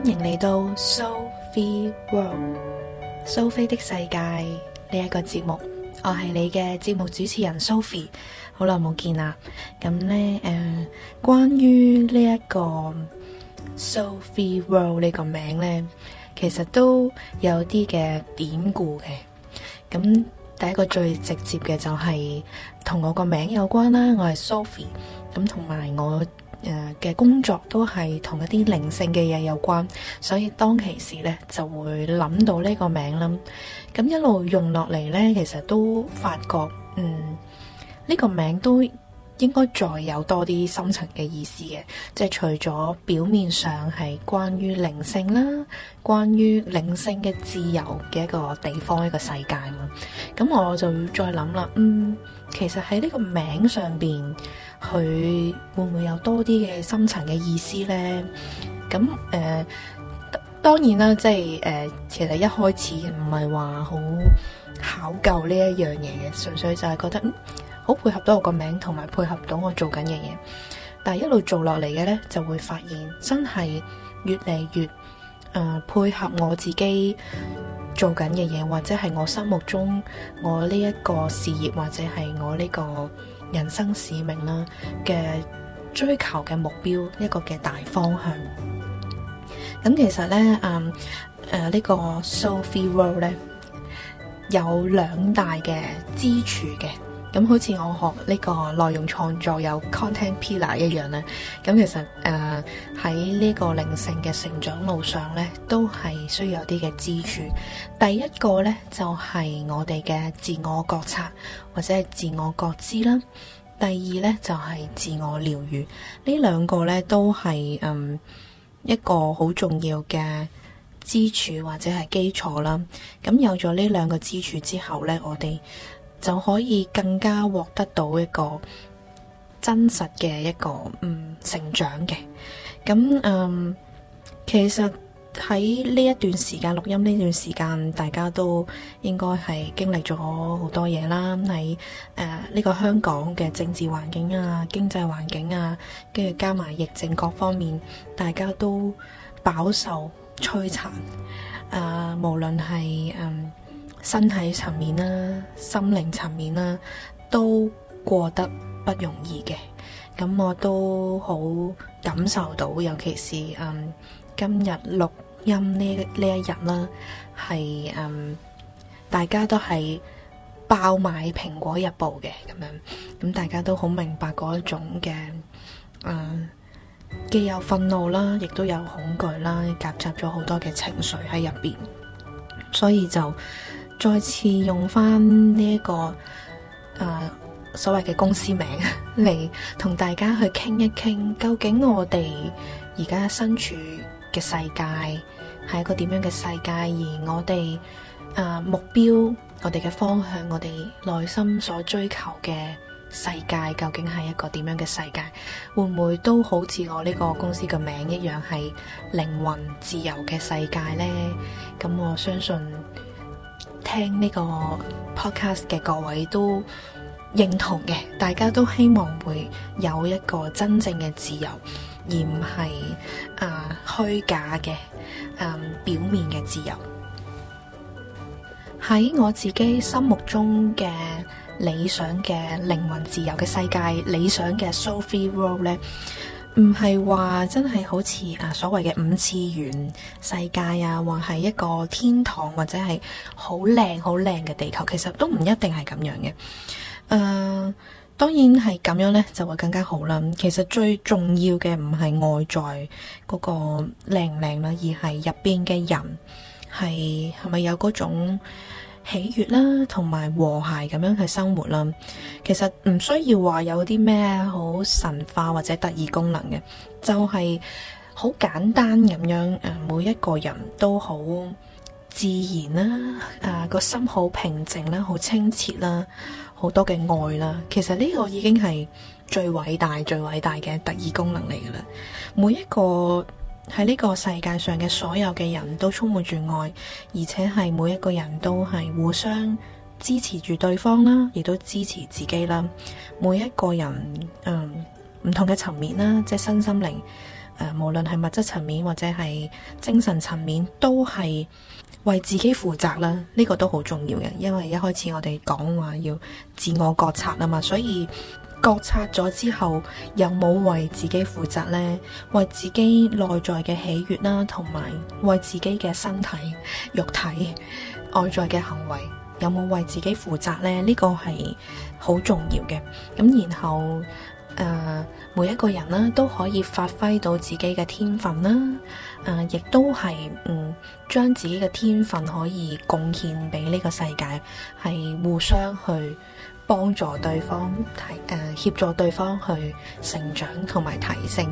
歡迎嚟到 Soul Free World，蘇菲的世界呢一個節目，我係你嘅節目主持人 Sophie，好耐冇見啦。咁呢，誒、呃，關於呢一個 Soul Free World 呢個名呢，其實都有啲嘅典故嘅。咁第一個最直接嘅就係同我個名有關啦，我係 Sophie，咁同埋我，誒嘅工作都係同一啲靈性嘅嘢，有關，所以當其時咧就會諗到呢個名啦。咁一路用落嚟，咧，其實都發覺，嗯，呢個名都。應該再有多啲深層嘅意思嘅，即係除咗表面上係關於靈性啦，關於靈性嘅自由嘅一個地方，一個世界嘛。咁我就要再諗啦。嗯，其實喺呢個名上邊，佢會唔會有多啲嘅深層嘅意思呢？咁誒、呃，當然啦，即係誒、呃，其實一開始唔係話好考究呢一樣嘢嘅，純粹就係覺得。好配合到我個名，同埋配合到我做緊嘅嘢。但係一路做落嚟嘅呢，就會發現真係越嚟越誒、呃、配合我自己做緊嘅嘢，或者係我心目中我呢一個事業，或者係我呢個人生使命啦嘅追求嘅目標，一個嘅大方向。咁、嗯、其實呢，嗯，誒、呃，這個、呢個 Soul Free World 呢，有兩大嘅支柱嘅。咁好似我學呢個內容創作有 content pillar 一樣呢，咁其實誒喺呢個靈性嘅成長路上呢，都係需要有啲嘅支柱。第一個呢，就係、是、我哋嘅自我覺察或者係自我覺知啦。第二呢，就係、是、自我療愈，呢兩個呢，都係嗯一個好重要嘅支柱或者係基礎啦。咁有咗呢兩個支柱之後呢，我哋就可以更加獲得到一個真實嘅一個嗯成長嘅。咁嗯，其實喺呢一段時間錄音呢段時間，大家都應該係經歷咗好多嘢啦。喺誒呢個香港嘅政治環境啊、經濟環境啊，跟住加埋疫症各方面，大家都飽受摧殘。誒、呃，無論係嗯，身體層面啦、心靈層面啦，都過得不容易嘅。咁我都好感受到，尤其是嗯今日錄音呢呢一日啦，係嗯大家都係爆買《蘋果日報》嘅咁樣，咁大家都好明白嗰一種嘅誒、嗯、既有憤怒啦，亦都有恐懼啦，夾雜咗好多嘅情緒喺入邊，所以就。再次用翻呢一個誒、呃、所謂嘅公司名嚟同大家去傾一傾，究竟我哋而家身處嘅世界係一個點樣嘅世界？而我哋誒、呃、目標、我哋嘅方向、我哋內心所追求嘅世界，究竟係一個點樣嘅世界？會唔會都好似我呢個公司嘅名一樣，係靈魂自由嘅世界呢？咁我相信。聽呢個 podcast 嘅各位都認同嘅，大家都希望會有一個真正嘅自由，而唔係啊虛假嘅、呃、表面嘅自由。喺我自己心目中嘅理想嘅靈魂自由嘅世界，理想嘅 Soul Free World 咧。唔係話真係好似啊所謂嘅五次元世界啊，或係一個天堂或者係好靚好靚嘅地球，其實都唔一定係咁樣嘅。誒、uh，當然係咁樣呢，就會更加好啦。其實最重要嘅唔係外在嗰個靚唔靚啦，而係入邊嘅人係係咪有嗰種。喜悅啦，同埋和諧咁樣去生活啦。其實唔需要話有啲咩好神化或者特異功能嘅，就係好簡單咁樣。誒，每一個人都好自然啦，誒個心好平靜啦，好清澈啦，好多嘅愛啦。其實呢個已經係最偉大、最偉大嘅特異功能嚟嘅啦。每一個。喺呢個世界上嘅所有嘅人都充滿住愛，而且係每一個人都係互相支持住對方啦，亦都支持自己啦。每一個人，嗯，唔同嘅層面啦，即係身心靈，誒、呃，無論係物質層面或者係精神層面，都係為自己負責啦。呢、呢個都好重要嘅，因為一開始我哋講話要自我覺察啊嘛，所以。覺察咗之後，有冇為自己負責呢？為自己內在嘅喜悅啦，同埋為自己嘅身體、肉體、外在嘅行為，有冇為自己負責呢？呢個係好重要嘅。咁然後，誒、呃，每一個人咧都可以發揮到自己嘅天分啦。誒、呃，亦都係嗯，將自己嘅天分可以貢獻俾呢個世界，係互相去。幫助對方提，誒，協助對方去成長同埋提升。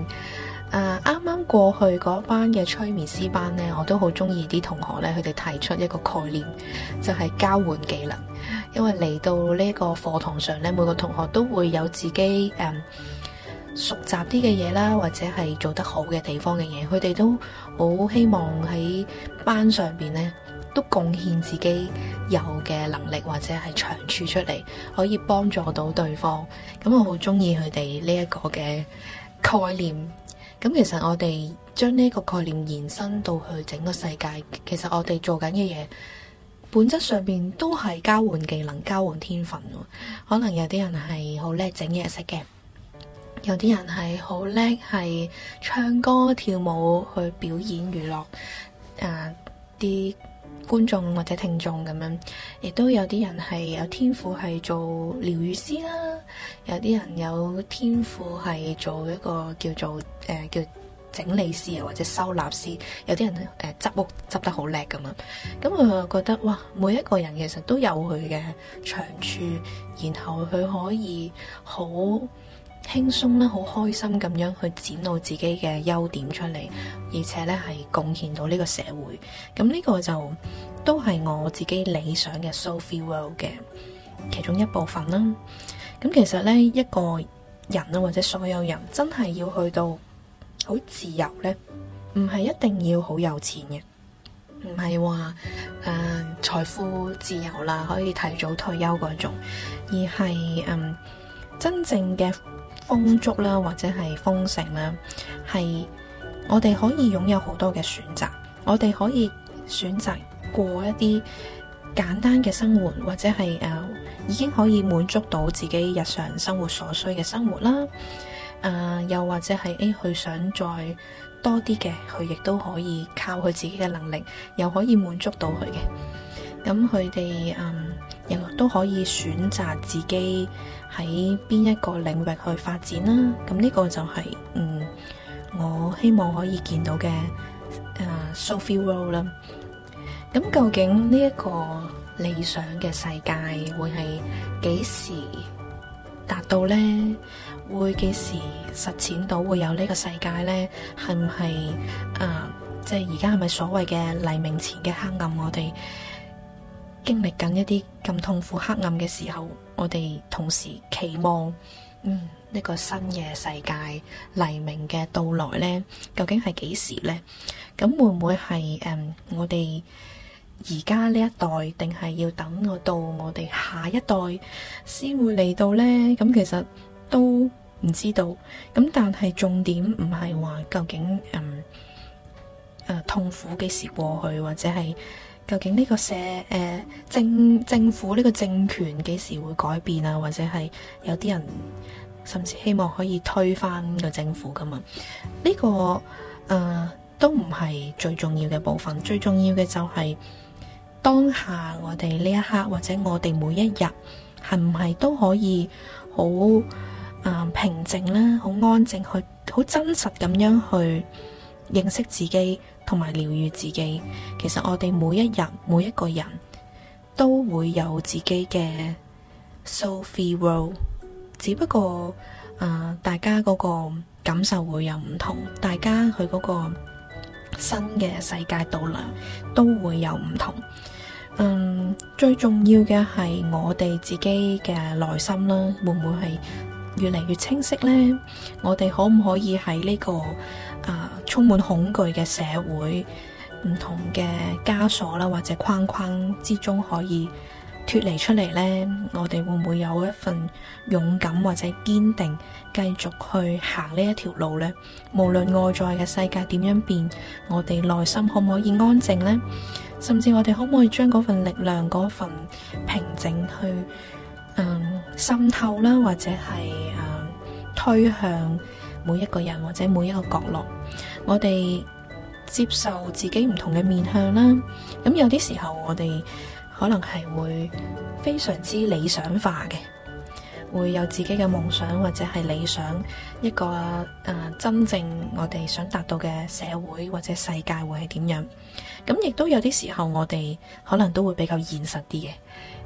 誒，啱啱過去嗰班嘅催眠師班呢，我都好中意啲同學呢。佢哋提出一個概念，就係交換技能。因為嚟到呢個課堂上呢，每個同學都會有自己誒、呃、熟習啲嘅嘢啦，或者係做得好嘅地方嘅嘢，佢哋都好希望喺班上邊呢。都貢獻自己有嘅能力或者係長處出嚟，可以幫助到對方。咁我好中意佢哋呢一個嘅概念。咁其實我哋將呢個概念延伸到去整個世界，其實我哋做緊嘅嘢本質上邊都係交換技能、交換天分。可能有啲人係好叻整嘢食嘅，有啲人係好叻係唱歌跳舞去表演娛樂。誒、呃，啲。觀眾或者聽眾咁樣，亦都有啲人係有天賦係做療癒師啦，有啲人有天賦係做一個叫做誒、呃、叫做整理師啊，或者收納師，有啲人誒、呃、執、執屋執得好叻咁啊，咁我覺得哇，每一個人其實都有佢嘅長處，然後佢可以好輕鬆咧，好開心咁樣去展露自己嘅優點出嚟，而且咧係貢獻到呢個社會。咁呢個就都係我自己理想嘅 Soul Free World 嘅其中一部分啦。咁其實呢，一個人啊，或者所有人真係要去到好自由呢，唔係一定要好有錢嘅，唔係話誒財富自由啦，可以提早退休嗰種，而係嗯、呃、真正嘅。豐足啦，或者係豐盛啦，係我哋可以擁有好多嘅選擇，我哋可以選擇過一啲簡單嘅生活，或者係誒、呃、已經可以滿足到自己日常生活所需嘅生活啦。誒、呃，又或者係誒，佢、哎、想再多啲嘅，佢亦都可以靠佢自己嘅能力，又可以滿足到佢嘅。咁佢哋嗯，亦、呃、都可以選擇自己喺邊一個領域去發展啦？咁呢個就係、是、嗯，我希望可以見到嘅誒、呃、Soul Free World 啦。咁究竟呢一個理想嘅世界會係幾時達到呢？會幾時實踐到會有呢個世界呢？係唔係誒，即係而家係咪所謂嘅黎明前嘅黑暗我？我哋？經歷緊一啲咁痛苦黑暗嘅時候，我哋同時期望，嗯，呢個新嘅世界黎明嘅到來呢，究竟係幾時呢？咁會唔會係誒、嗯、我哋而家呢一代，定係要等我到我哋下一代先會嚟到呢？咁其實都唔知道。咁但係重點唔係話究竟嗯誒、呃、痛苦幾時過去，或者係。究竟呢個社誒、呃、政政府呢個政權幾時會改變啊？或者係有啲人甚至希望可以推翻個政府㗎嘛？呢、呢個誒、呃、都唔係最重要嘅部分，最重要嘅就係、係、當下我哋呢一刻，或者我哋每一日係唔係都可以好誒、呃、平靜啦，好安靜去，好真實咁樣去。認識自己同埋療愈自己，其實我哋每一日每一個人都會有自己嘅 Soul Free World，只不過誒、呃、大家嗰個感受會有唔同，大家去嗰個新嘅世界度量都會有唔同。嗯，最重要嘅係我哋自己嘅內心啦，會唔會係越嚟越清晰呢？我哋可唔可以喺呢、這個充滿恐懼嘅社會，唔同嘅枷鎖啦，或者框框之中，可以脫離出嚟呢，我哋會唔會有一份勇敢或者堅定，繼續去行呢一條路呢？無論外在嘅世界點樣變，我哋內心可唔可以安靜呢？甚至我哋可唔可以將嗰份力量、嗰份平靜去，嗯，滲透啦，或者係，嗯，推向。每一個人或者每一個角落，我哋接受自己唔同嘅面向啦。咁有啲時候我哋可能係會非常之理想化嘅，會有自己嘅夢想或者係理想一個誒、呃、真正我哋想達到嘅社會或者世界會係點樣？咁亦都有啲時候我哋可能都會比較現實啲嘅。誒、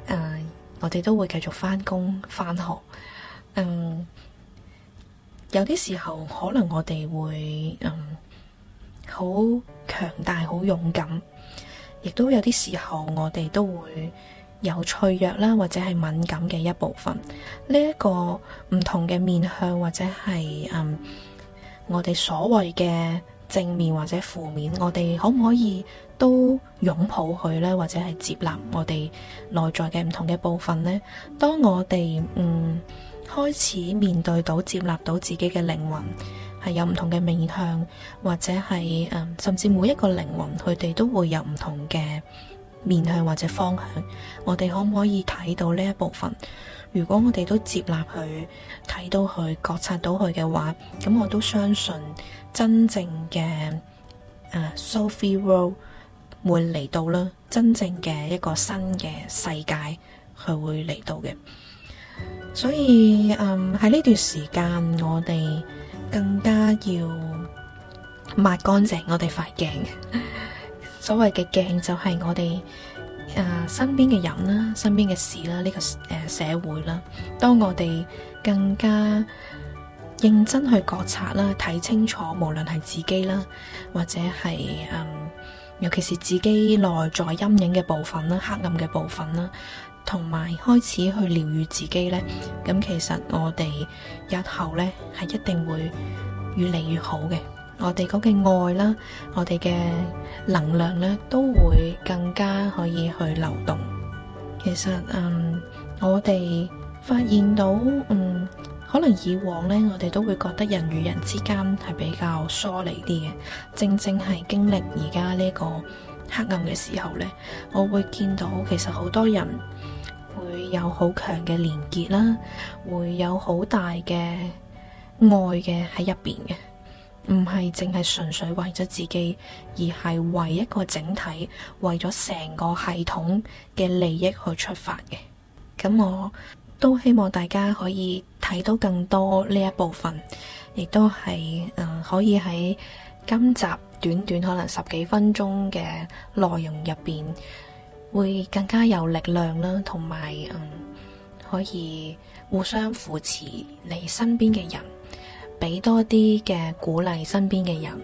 呃，我哋都會繼續返工返學。嗯、呃。有啲時候可能我哋會嗯，好強大，好勇敢，亦都有啲時候我哋都會有脆弱啦，或者係敏感嘅一部分。呢一個唔同嘅面向或者係嗯，我哋所謂嘅正面或者負面，我哋可唔可以都擁抱佢呢？或者係接納我哋內在嘅唔同嘅部分呢？當我哋嗯。開始面對到、接納到自己嘅靈魂，係有唔同嘅面向，或者係誒，甚至每一個靈魂佢哋都會有唔同嘅面向或者方向。我哋可唔可以睇到呢一部分？如果我哋都接納佢、睇到佢、覺察到佢嘅話，咁我都相信真正嘅 Soul Free World 會嚟到啦。真正嘅一個新嘅世界，佢會嚟到嘅。所以，嗯，喺呢段時間，我哋更加要抹乾淨我哋塊鏡。 所謂嘅鏡就係我哋誒身邊嘅人啦，身邊嘅事啦，呢個誒、呃、社會啦。當我哋更加認真去覺察啦，睇清楚，無論係自己啦，或者係嗯、呃，尤其是自己內在陰影嘅部分啦，黑暗嘅部分啦。同埋開始去療愈自己呢。咁其實我哋日後呢係一定會越嚟越好嘅。我哋嗰嘅愛啦，我哋嘅能量呢都會更加可以去流動。其實嗯，我哋發現到嗯，可能以往呢，我哋都會覺得人與人之間係比較疏離啲嘅。正正係經歷而家呢個黑暗嘅時候呢，我會見到其實好多人。會有好強嘅連結啦，會有好大嘅愛嘅喺入邊嘅，唔係淨係純粹為咗自己，而係為一個整體，為咗成個系統嘅利益去出發嘅。咁我都希望大家可以睇到更多呢一部分，亦都係誒、嗯、可以喺今集短短可能十幾分鐘嘅內容入邊。會更加有力量啦，同埋嗯，可以互相扶持你身邊嘅人，俾多啲嘅鼓勵身邊嘅人，誒、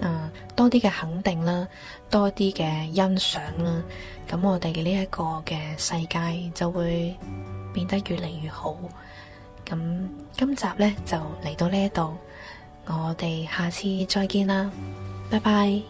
呃，多啲嘅肯定啦，多啲嘅欣賞啦，咁我哋嘅呢一個嘅世界就會變得越嚟越好。咁今集呢，就嚟到呢一度，我哋下次再見啦，拜拜。